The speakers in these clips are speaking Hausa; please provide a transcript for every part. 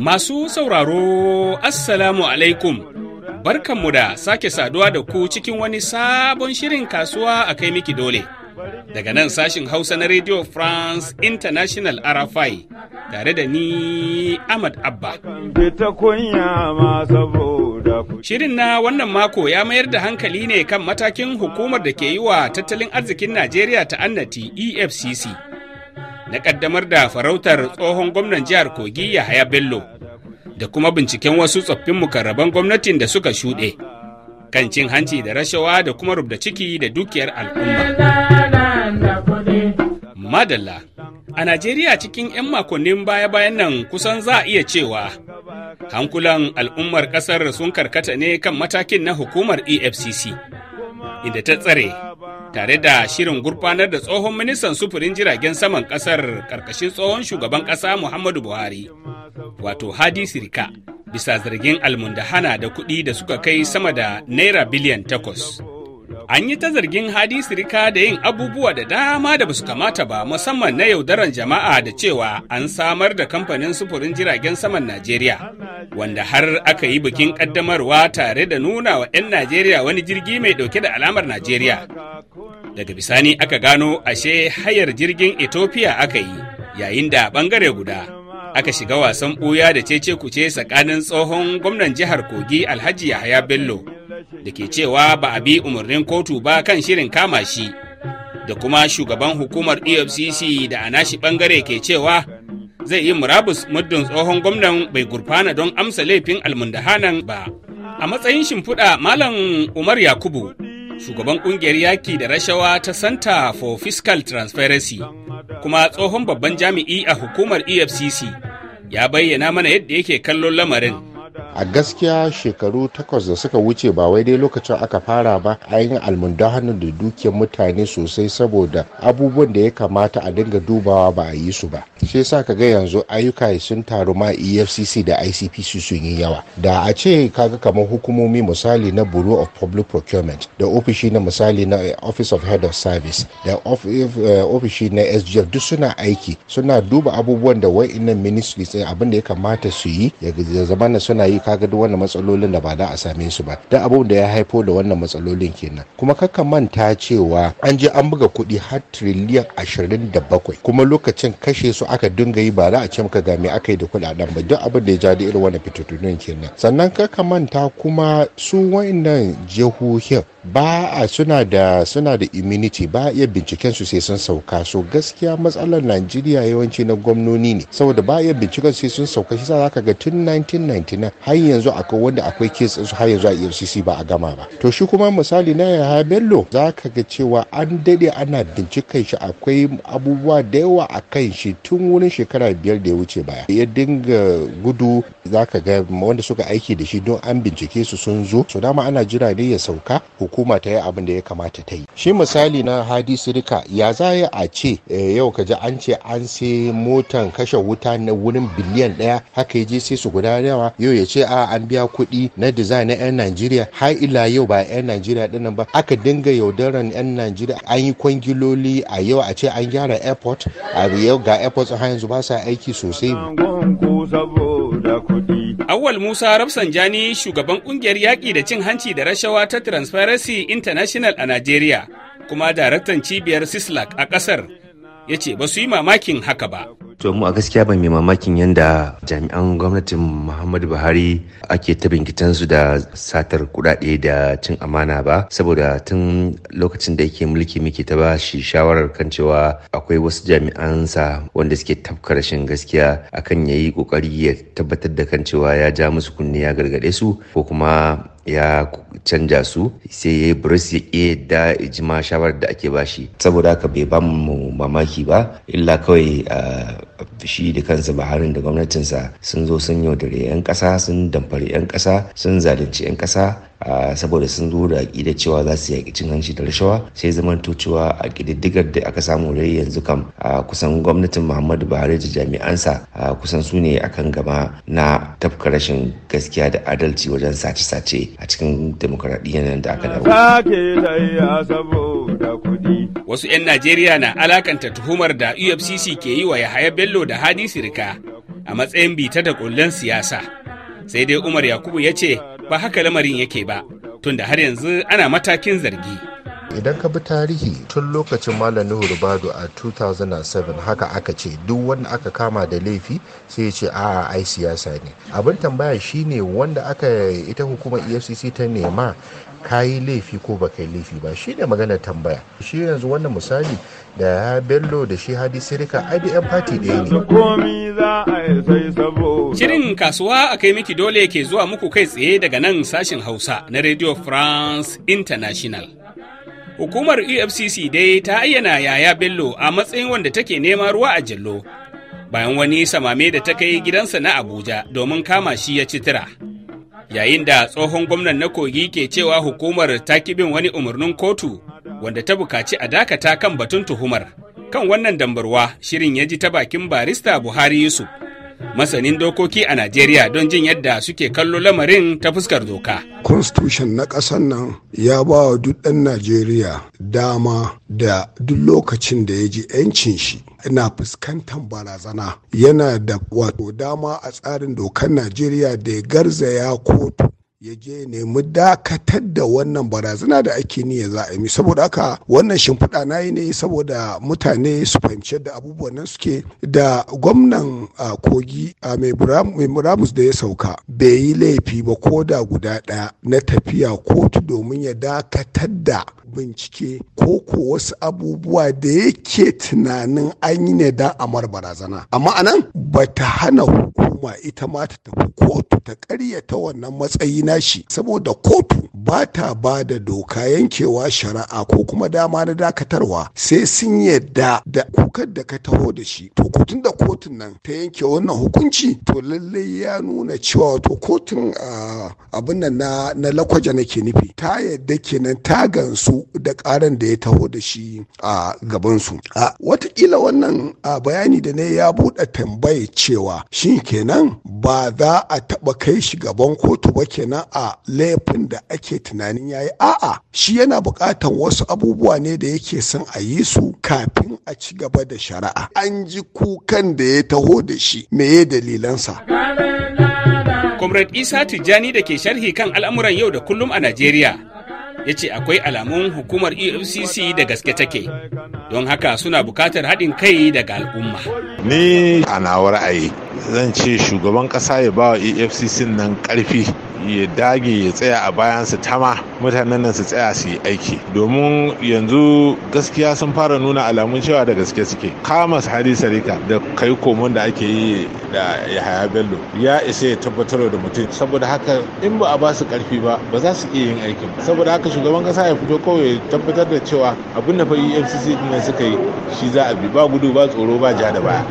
Masu sauraro, Assalamu alaikum. Barkanmu da sake saduwa da ku cikin wani sabon shirin kasuwa a kai miki dole. Daga nan sashin Hausa na Radio France International RFI tare da ni Ahmad Abba. Shirin na wannan mako ya mayar da hankali ne kan matakin hukumar da ke yi wa tattalin arzikin Najeriya ta annati EFCC. Na ƙaddamar da farautar tsohon gwamnan jihar Kogi Yahaya Bello da kuma binciken wasu tsoffin mukarraban gwamnatin da suka shuɗe. Kan cin hanci da rashawa da kuma rubda ciki da dukiyar al'umma. Madalla. A Najeriya cikin 'yan makonnin baya-bayan nan kusan za a iya cewa hankulan al'ummar ƙasar sun karkata ne kan matakin na hukumar EFCC, inda ta tsare tare da shirin gurfanar da tsohon ministan sufurin jiragen saman ƙasar ƙarƙashin tsohon shugaban ƙasa Muhammadu Buhari, wato Hadi Sirika, bisa zargin almundahana da kuɗi da suka kai sama da Naira biliyan takwas. An yi ta zargin Hadi Sirika da yin abubuwa da dama da basu kamata ba musamman na yaudaran jama'a da cewa an samar da kamfanin sufurin jiragen saman Najeriya wanda har aka yi bikin ƙaddamarwa tare da nuna wa 'yan Najeriya wani jirgi mai ɗauke da alamar Najeriya. Daga bisani aka gano ashe hayar jirgin Ethiopia aka yi yayin da ɓangare guda. aka shiga wasan ɓuya da cece kuce tsakanin tsohon gwamnan jihar kogi alhaji yahaya bello da ke cewa ba a bi umarnin kotu ba kan shirin kama shi da kuma shugaban hukumar efcc da a nashi bangare ke cewa zai yi murabus muddin tsohon gwamnan bai gurfana don amsa laifin almundahanan ba a matsayin shimfiɗa malam umar yakubu shugaban ƙungiyar yaki da rashawa ta center for fiscal transparency kuma tsohon babban jami'i a hukumar efcc ya bayyana mana yadda yake kallon lamarin a gaskiya shekaru takwas da suka wuce ba wai dai lokacin aka fara ba a yin hannu da dukiyar mutane sosai saboda abubuwan da ya kamata a dinga dubawa ba a yi su ba shi yasa ka ga yanzu ayyuka sun taru ma efcc da icpc sun yi yawa da a ce kaga kamar hukumomi misali na bureau of public procurement da ofishi na misali na eh, office of head of service da eh, ofishi na sgf duk suna aiki suna duba abubuwan da wa'innan ministries eh, abin da ya kamata su yi ya zama suna yi kaga duk wannan matsalolin da ba da a same su ba da abun da ya haifo da wannan matsalolin kenan kuma kaka manta cewa an je an buga kuɗi har tiriliyan ashirin da bakwai kuma lokacin kashe su aka dinga yi ba za a ce maka ga me aka yi da kuɗaɗen ba duk abin da ya ja da irin wannan fitattunin kenan sannan kaka manta kuma su wa'annan jihohin ba a suna da suna da immunity ba iya binciken su sai sun sauka so gaskiya matsalar Najeriya yawanci na gwamnoni ne saboda ba iya binciken sai sun sauka shi zaka ga tun 1999 har yanzu akwai wanda akwai case su har yanzu a EFCC ba a gama ba to shi kuma misali na Yahaya Bello zaka ga cewa an dade ana binciken shi akwai abubuwa da yawa a kan shi tun wurin shekara biyar da ya wuce baya ya dinga gudu zaka ga wanda suka aiki da shi don an bincike su sun zo so dama ana jira ne ya sauka hukuma ta yi abin da ya kamata ta yi shi misali na hadi sirika ya za a ce eh, yau ka ji an ce an sai motan kashe wuta na wurin biliyan daya haka ya je sai su guda yawa yau ya ce a an biya kuɗi na design na 'yan najeriya har ila yau ba 'yan najeriya dinnan ba aka dinga yaudaran 'yan najeriya an yi kwangiloli a yau a ce an gyara airport a yau ga airport har yanzu ba sa aiki sosai saboda kuɗi Awal Musa Rafsanjani shugaban kungiyar yaƙi da cin hanci da rashawa ta Transparency International a Najeriya kuma daraktan cibiyar Sislak a ƙasar ya ce ba su yi mamakin haka ba. To mu a gaskiya ba mai mamakin yadda jami'an gwamnatin Muhammadu Buhari ake ta su da satar kudade da cin amana ba saboda tun lokacin da yake mulki muke ta ba shi shawarar kan cewa akwai wasu jami'an sa wanda suke tafka rashin gaskiya akan yayi kokari ya tabbatar da kan cewa ya ja musu kunne ya gargade su ko kuma ya canja su sai ya yi buris ya ƙi da jima shawarar da ake bashi saboda haka bai ba mu mamaki ba illa kawai shi da kansa ba, harin da gwamnatinsa sun zo sun yaudare 'yan ƙasa sun damfari 'yan ƙasa sun zalunci 'yan ƙasa saboda sun zo da cewa za su yaƙi cin hanci da rashawa sai zama to cewa a ƙididdigar da aka samu rai yanzu kam kusan gwamnatin muhammadu buhari da jami'ansa kusan su ne akan gama na tafka rashin gaskiya da adalci wajen sace-sace a cikin demokuraɗiyyar nan da aka dawo. Wasu 'yan Najeriya na alakanta tuhumar da UFCC ke yi wa Yahaya Bello da Hadi Sirika a matsayin bita da kullen siyasa. Sai dai Umar Yakubu ya ce ba haka lamarin yake ba tunda har yanzu ana matakin zargi idan ka bi tarihi tun lokacin malam nuhu rubadu a 2007 haka aka ce duk wanda aka kama da laifi sai ce a ai siyasa ne abin tambaya shine wanda aka ita hukumar efcc ta nema ka yi laifi ko baka yi laifi ba shi ne maganar tambaya shi yanzu wannan misali da ya bello da shi hadi sirika ai party daya ɗaya ne shirin kasuwa a kai miki dole ke zuwa muku kai tsaye daga nan sashin hausa na radio france international hukumar efcc dai ta ayyana yaya bello a matsayin wanda take nema ruwa a jallo bayan wani samame da ta kai gidansa na abuja domin kama shi ya citira. tira yayin da tsohon gwamnan na kogi ke cewa hukumar ta bin wani umarnin kotu wanda ta bukaci a dakata kan batun tuhumar kan wannan dambarwa shirin ya ji ta bakin barista buhari yusuf masanin dokoki a Najeriya don jin yadda suke kallo lamarin ta fuskar doka. Constitution na ƙasar nan ya ba wa duk ɗan Najeriya dama da duk lokacin da ya ji 'yancin shi na fuskantar barazana yana da wato dama a tsarin dokar Najeriya da ya garzaya kotu ya je nemi dakatar da wannan barazana da ake niyya za a yi saboda haka wannan shimfiɗa na yi ne saboda mutane su fahimci yadda abubuwan nan suke da gwamnan kogi mai muramus da ya sauka bai yi laifi ba ko da guda ɗaya na tafiya kotu domin ya dakatar da bincike ko ko wasu abubuwa da yake tunanin an yi ne da amar barazana amma anan bata hana hukumar al'umma ita ma ta tafi kotu ta karyata wannan matsayi nashi saboda kotu ba ta ba da doka yankewa shari'a ko kuma dama na dakatarwa sai sun yadda da kukar da ka taho da shi to kotun da kotun nan ta yanke wannan hukunci to lallai ya nuna cewa to kotun abin nan na, na nake nufi ta yadda kenan ta gansu da karan da ya taho da shi a gabansu watakila wannan bayani da ne ya buɗe tambaye cewa shi ke kenan ba za a taba kai shi gaban kotu ba kenan a laifin da ake tunanin yayi a'a shi yana bukatan wasu abubuwa ne da yake son a yi su kafin a ci gaba da shari'a an ji kukan da ya taho da shi meye dalilansa Comrade Isa Tijjani da ke sharhi kan al'amuran yau da kullum a Najeriya ya ce akwai alamun hukumar efcc da gaske take don haka suna bukatar haɗin kai daga al'umma ni a nawa ra'ayi zan ce shugaban ƙasa ya ba wa efcc nan ƙarfi ya dage ya tsaya a bayan su tama mutanen nan su tsaya su yi aiki domin yanzu gaskiya sun fara nuna alamun cewa da gaske suke kama hari sarika da kai komon da ake yi da yahaya bello ya isa ya tabbatar da mutum saboda haka in ba a ba su karfi ba ba za su iya yin aikin saboda haka shugaban kasa ya fito kawai ya tabbatar da cewa abin da fa efcc nan suka yi shi za a bi ba gudu ba tsoro ba ja da baya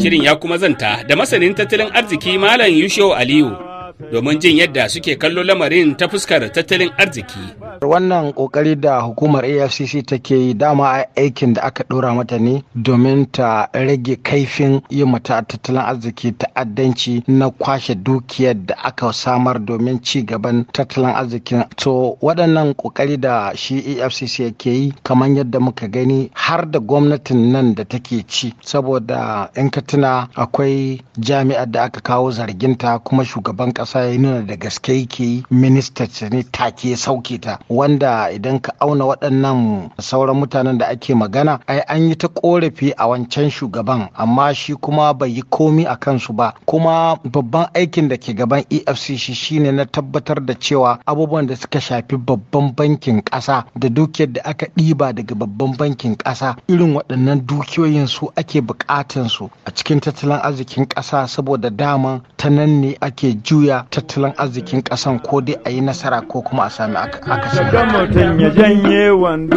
shirin ya kuma zanta da masanin tattalin arziki malam yusho aliyu domin jin yadda suke kallo lamarin ta fuskar tattalin arziki Wannan kokari da hukumar AFCC take yi dama aikin da aka ɗora mata ne domin ta rage kaifin yi mata tattalin arziki ta'addanci na kwashe dukiyar da aka samar domin ci gaban tattalin arziki To waɗannan kokari da shi AFCC yake yi kamar yadda muka gani har da gwamnatin nan da take ci saboda in ka tuna akwai jami'ar da aka kawo zarginta kuma shugaban ƙasa ya nuna da gaske yake yi minista ne take sauke ta wanda idan ka auna waɗannan sauran mutanen da ake magana ai an yi ta korafi a wancan shugaban amma shi kuma bai yi komi a kansu ba kuma babban aikin da ke gaban efcc shine na tabbatar da cewa abubuwan da suka shafi babban bankin ƙasa da dukiyar da aka ɗiba daga babban bankin ƙasa irin waɗannan dukiyoyin su ake buƙatan su a cikin tattalin arzikin ƙasa saboda dama ta nan ne ake juya tattalin arzikin ƙasan ko dai a yi nasara ko kuma a sami aka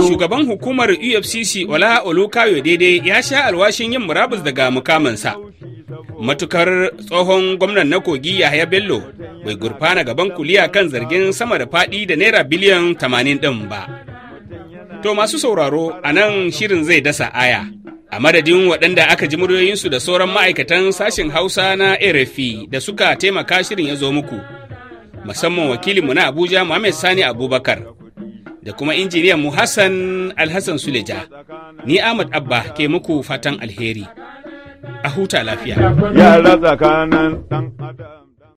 Shugaban hukumar UFCC e Ola Olukayo daidai ya sha alwashin yin murabus daga mukamansa Matukar tsohon gwamnan na kogi Yahaya Bello bai gurfana gaban kuliya kan zargin sama da fadi da naira biliyan 80 din ba. To masu sauraro a nan shirin zai dasa aya. a madadin waɗanda aka ji muryoyinsu da sauran ma'aikatan sashen hausa na rfi da suka taimaka shirin ya zo muku musamman wakilinmu na Abuja Muhammad Sani Abubakar da kuma injiniyan mu Hassan Alhassan Suleja. Ni Ahmad Abba ke muku fatan alheri. A huta lafiya. Yara adam.